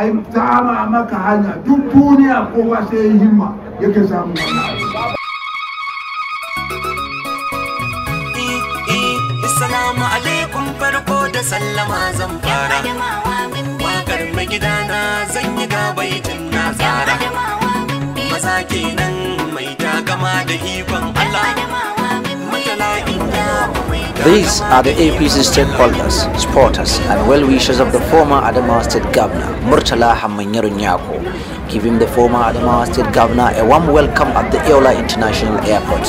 ai a maka hanya duk duniya kowa sai ya himma yake samu wannan Assalamu alaikum farko da sallama zan fara Wakar mai gidana zan yi gabaitin na tsara Maza kenan These are the APC stakeholders, supporters and well-wishers of the former Adamawa State Governor Murtala Hamanyaru Nyako, giving the former Adamawa State Governor a warm welcome at the Eola International Airport.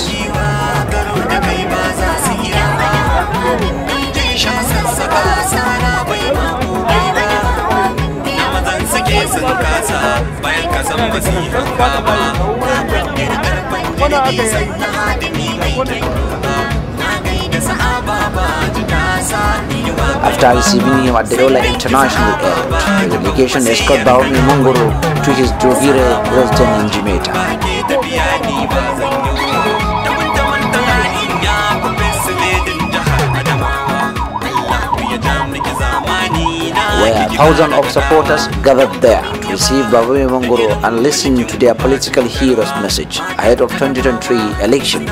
bayan ka after receiving him at the Dola International Airport, the delegation escorted Baomi Munguru to his Drovire residence in Jamaica. where thousands of supporters gathered there to receive Babumi Mangoro and listen to their political hero's message ahead of 2023 election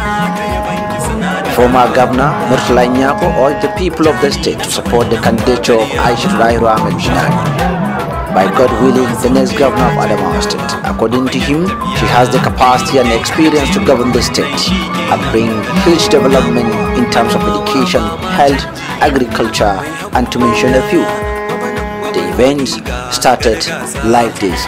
former governor Murtala Nyako urged the people of the state to support the candidature of Aisha Rairo Ahmed By God willing, the next governor of Adamawa State. According to him, she has the capacity and experience to govern the state and bring huge development in terms of education, health, agriculture, and to mention a few. The event started like this.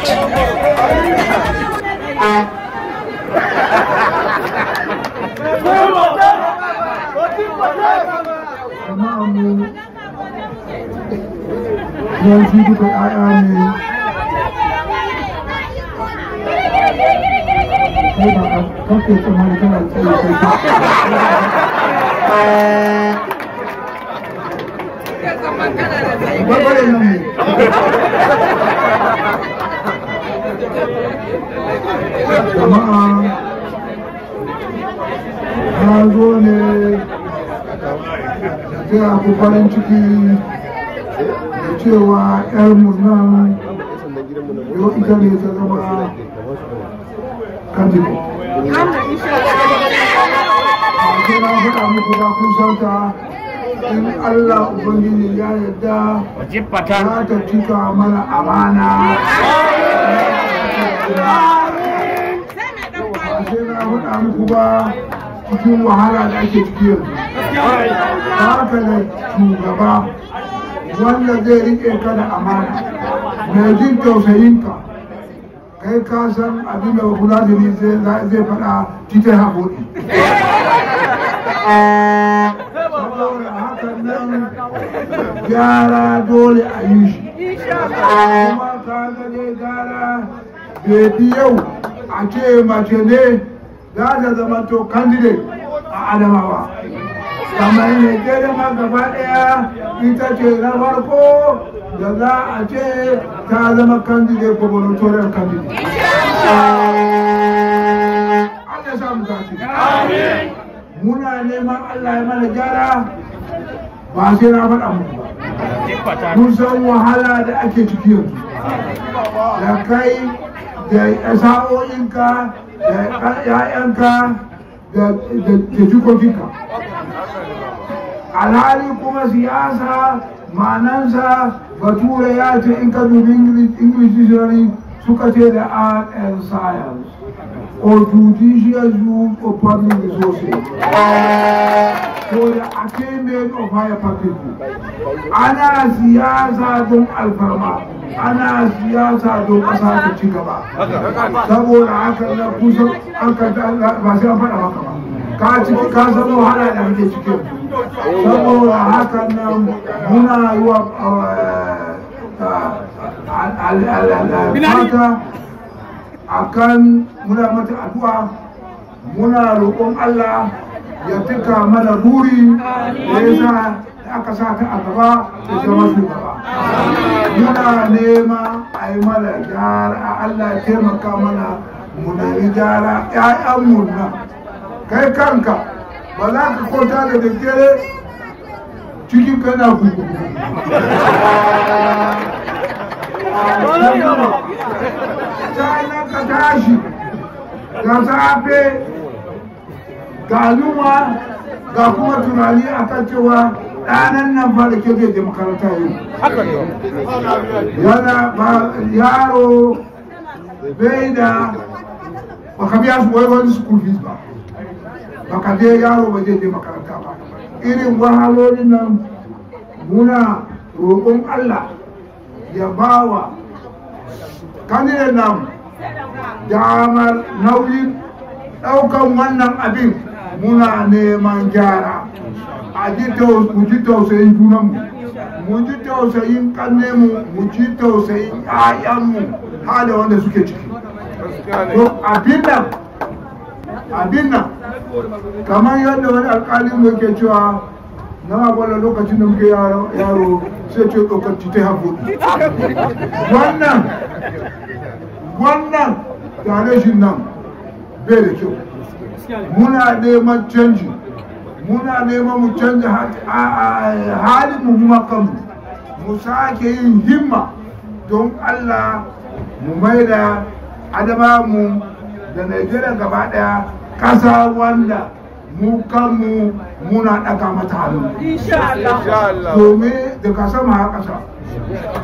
yawanci duka 'ya'ya ne ko ba ne jama'a na zo ne ya farin ciki cewa yar murnan yau ita ne ta zama candidate sai na faɗa muku da kun sauta in Allah Ubangiji ya yarda za ta cika mana amana ba sai na faɗa muku ba cikin wahala da ake ciki ba ka da shugaba wanda zai riƙe ka da amana mai jin ka kai ka san abin da kula da ni zai faɗa titin haƙoƙi saboda hakan nan gyara dole a yi shi kuma ka gyara bebi yau a ce mace ne za ta zama to candidate a adamawa kamar nigeria ma gaba daya ita ce na farko da za a ce ta zama da gubernatorial kandide Allah ya samu tafi muna neman Allah ya mana gyara ba sai na faɗa muku mun san wahala da ake ciki yanzu da kai da sa'o'inka da 'ya'yanka da jikokinka alhali kuma siyasa manansa bature ya ce in ka dubi english dictionary suka ce da art and science or judicial use of public resources for the attainment of higher public good ana siyasa don alfarma ana siyasa don kasa ta ci gaba saboda haka na kusan an ka ba sai an faɗa maka ba ka ciki ka san wahala da kake cikin saboda haka nan muna yi wa eh, eh, eh, fata a kan muna mata addu'a muna roƙon Allah ya tuka mana nuri da ya sa aka sa ta a gaba da zama muna nema a yi mana gyara Allah ya taimaka mana mu nemi gyara 'ya'yanmu nan kai kanka ba za ka kwanta da daddare cikin kana gugu sannan ka tashi ga safe ga luma ga kuma tunani a kan cewa ɗanan nan ba da ke zai je makaranta yau yana ba yaro bai da ba ka biya su wai wani school fees ba baka je yaro ba zai je makaranta ba irin wahalolin nan muna roƙon Allah ya ba wa kanilan nan damar nauyin ɗaukan wannan abin muna neman gyara a ji tausayin junanmu mu ji tausayin kannemu mu ji tausayin ƴaƴanmu hada wanda suke ciki to abin nan abin nan kamar yadda wani alƙalin mu ke cewa na abuwa lokacin da muke yaro sai ce ɗaukar titi hafu wannan wannan tare shi nan bai da kyau muna neman canji muna neman mu canji halin mu kuma kanmu mu sake yin himma don Allah mu maida adama mu da nigeria gaba daya ƙasa wanda mu kanmu muna ɗaga mata hannu domin daga sama ha ƙasa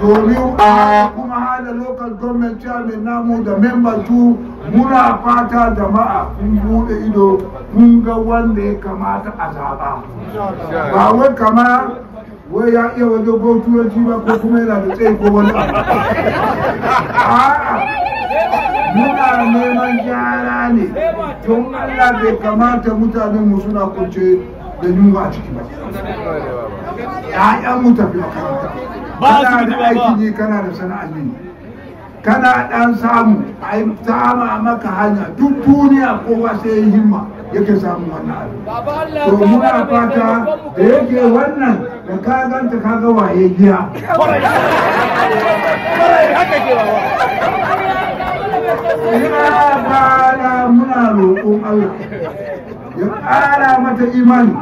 domin a kuma hada local government chairman namu da member tu muna fata jama'a kun bude ido kun ga wanda ya kamata a zaɓa ba wai kama wai ya iya waje ko turanci ba ko kuma yana da tsayi ko wani abu muna neman gyara ne don Allah bai kamata mutanen mu suna kunce da yunwa a ciki ba ya'yan mu tafi makaranta kana da aiki ne kana da sana'a ne kana dan samu a yi tama maka hanya duk duniya kowa sai ya himma yake samu wannan abu to muna fata da yake wannan da ka ganta ka ga waye giya ina fara muna roƙon Allah ya ƙara mata imani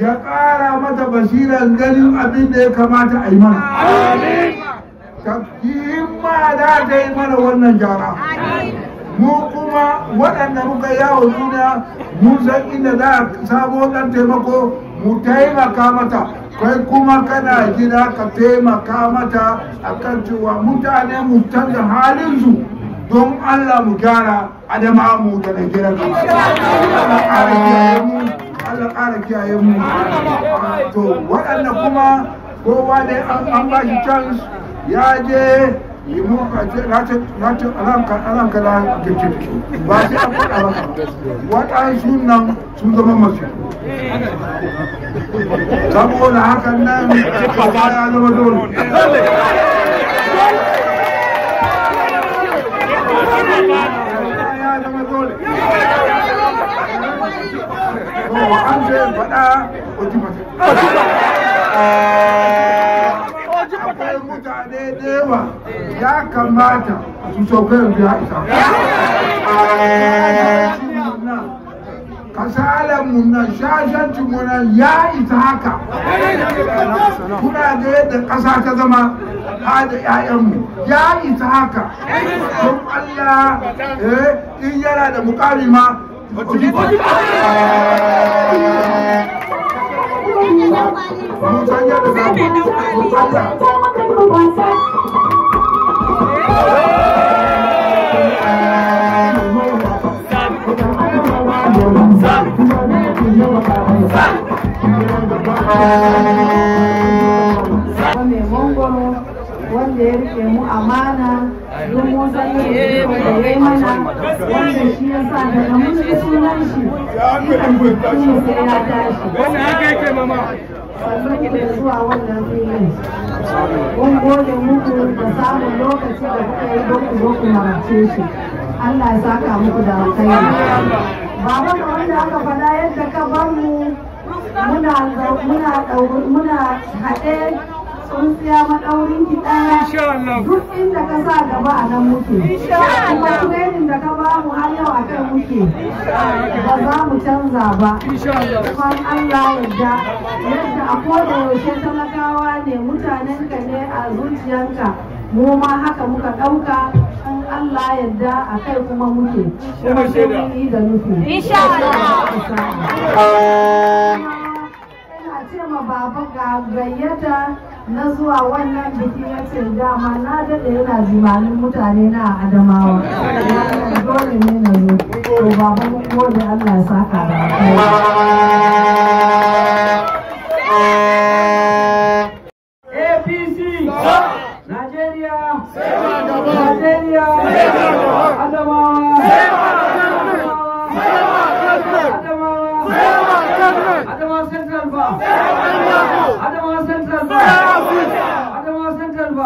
ya ƙara mata basiran ganin abin da ya kamata a yi mana himma za ta yi mana wannan jara mu kuma waɗanda muka yawo juna mun san inda za a sabo ɗan taimako mu taimaka mata kai kuma kana gida ka taimaka mata akan cewa mutane mu canza halin su don Allah mu gyara adama mu da na gida Allah ƙara kiyaye mu to waɗanda kuma kowa ne an ba shi chance ya je yi mu alamka da ce ba sai an faɗa ba waɗansu nan sun zama masu saboda hakan nan kasa ya zama dole an zai faɗa akwai mutane da yawa ya kamata su sauƙa biya kasalan nan shashanci na ya ita haka kuna ga yadda ƙasa ta zama da 'ya'yanmu ya ita haka don Allah eh, in yana da mukami ma Mun san yadda daga musu sunan sai ya tashi zuwa wannan filin mun muku da samun lokaci da kuka yi doku doku shi Allah ya saka muku da alkhairi baba da wanda aka faɗa yadda ka bar mu muna haɗe Sun tsuntsiya maɗaurin ki ɗaya duk inda ka sa gaba a nan muke kuma training da ka bamu har yau a kan muke ba za mu canza ba kuma Allah yarda yadda a koda yaushe talakawa ne mutanenka ne a zuciyanka mu ma haka muka ɗauka in Allah yarda a kai kuma muke kuma sai da nufi insha Allah ina ce ma baba ga gayyata na zuwa wannan biki ya ce dama na daɗe yana jimalin mutane na adamawa dole ne na zo to baba mun gode Allah ya saka da APC Najeriya Najeriya Adamawa Adamawa Adamawa Central Bank Adamawa Central Bank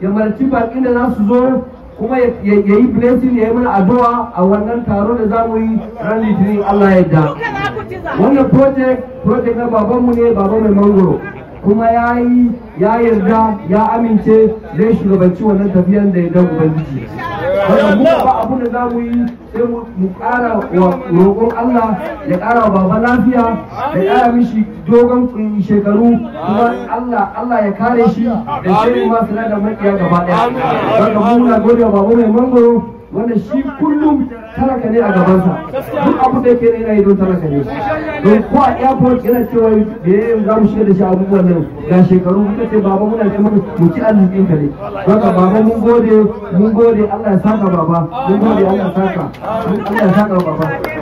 ya marci baƙin da za su zo kuma ya yi blessing ya yi mana addu'a a wannan taro da za yi ran litinin Allah ya da wannan project project na babanmu ne baba mai mangoro kuma ya yi ya yarda ya amince zai shugabanci wannan tafiyan da ya dan ubangiji wannan ba abun da za mu yi sai mu ƙara wa roƙon Allah ya ƙara wa baba lafiya ya ƙara mishi dogon shekaru kuma Allah Allah ya kare shi da shirin masu da makiya gaba ɗaya. Zaka muna gode wa baba mai mangoro wannan shi kullum talaka ne a gabansa duk abu da yake yana yi don talaka ne don ko a airport yana cewa da ya za mu shiga da shi abubuwan nan ga shekaru muka ce baba muna ce maka mu ci arzikin ka ne baka baba mun gode mun gode Allah ya saka baba mun gode Allah ya saka Allah ya saka baba